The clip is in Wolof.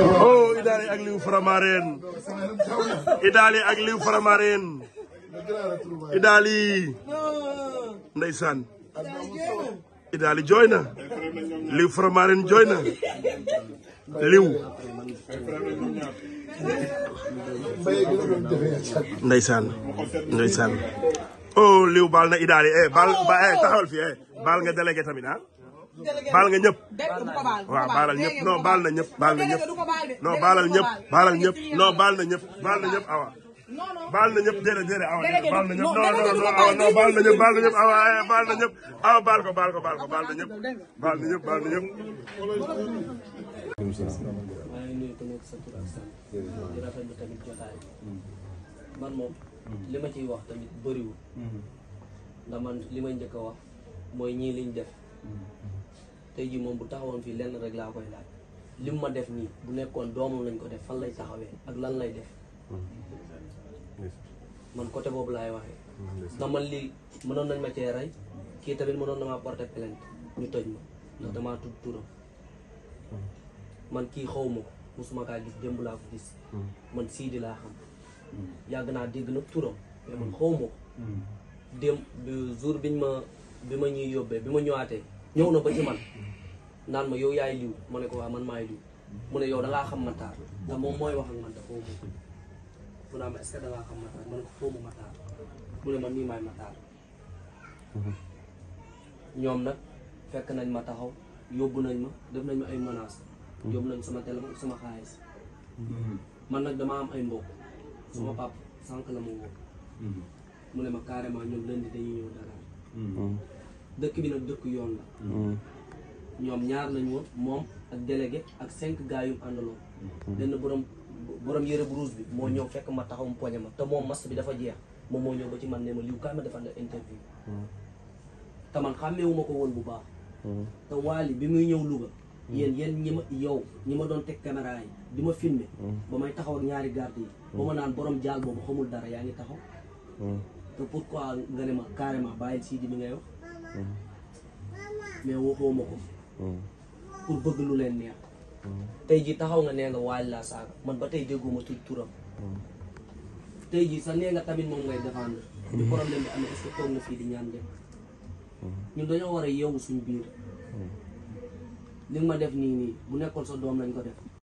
oh Idaly ak Liw Faramareen Idaly ak Liw Faramareen Idaly ndeysaan Idaly jooy na Liw Faramareen jooy na Liw ndeysaan ndeysaan oh Liw baal na Idaly eh baal eh, taxawal fi eh baal nga délégué tamit ah baal nga ñëpp. waaw baalal ñëpp non baal na ñëpp baal na ñëpp. non baalal ñëpp baalal ñëpp non baal na ñëpp baal na ñëpp awa. baal na ñëpp déedéet déedéet awa baal na ñëpp non non non awa non baal na ñëpp baal na ñëpp awa baal na ñëpp awa baal ko baal ko baal ko baal na ñëpp baal na ñëpp baal na ñëpp. man moom li ma ciy wax tamit bëriwul. ndax man li ma njëkk a wax mooy ñii liñ def. tey jii moom bu taxawoon fii lenn rek laa koy laaj lim ma def nii bu nekkoon doomam lañ ko def fan lay taxawee ak lan lay def man côté boobu laay waxee ndax man mënoon nañ ma cee rey kii tamit mënoon na maa porter ñu toj ma ndax damaa tudd turam man kii xaw ma ko musuma kaa gis démb laa ko gis man siidi laa xam yàgg naa dégg nag turam man xaw ma ko hmm. démb jour biñ ma bi ma ñuy yóbbee bi ma ñëwaatee ñëw na ba ci man naan ma yow yaay liw ma ne ko waa man maay liw mu ne yow da ngaa xam Matar ndax moom mooy wax ak man dafa wóobu mu naan ma est ma ne ko ñoom nag fekk nañ ma taxaw yóbbu nañ ma def nañ ma ay menaces yóbbu nañ suma téléphone sama xaalis man nag dama am ay mbokk sama pap sànq la ma woo mu ne ma carrément ñoom leen di dañuy ñëw Dakar dëkk bi nag dëkk yoon la mm. ñoom ñaar lañ woon moom ak délégué ak cinq gars yu àndaloon mm-hmm. benn borom borom yére bu rouge bi moo ñëw fekk ma taxaw mu poñe ma te moom mas bi dafa jeex moom moo ñëw ba ci man ne ma liw kaay ma defal la interview mm. te man xàmmeewuma ko woon bu baax mm. te waali bi muy ñëw Louga yéen yéen ñi ma yow ñi ma doon teg caméra yi di ma filmer ba may taxaw ak ñaari garde yi ba ma naan borom jaal boobu xamul dara yaa ngi taxaw te pourquoi nga ma carrément bàyyil sii di mais waxoo ko. Hmm. pour bëgg lu leen neex. Hmm. tey jii taxaw nga nee nga waali laa saaga man ba tey dégguma tudd turam. Hmm. jii sa nee nga tamit moom ngay défendre. bi problème bi amee est ce que toog na fii di ñaan dem. ñun dañoo war a yeewu suñu biir. li ma def nii nii bu nekkoon sa doom lañ ko def.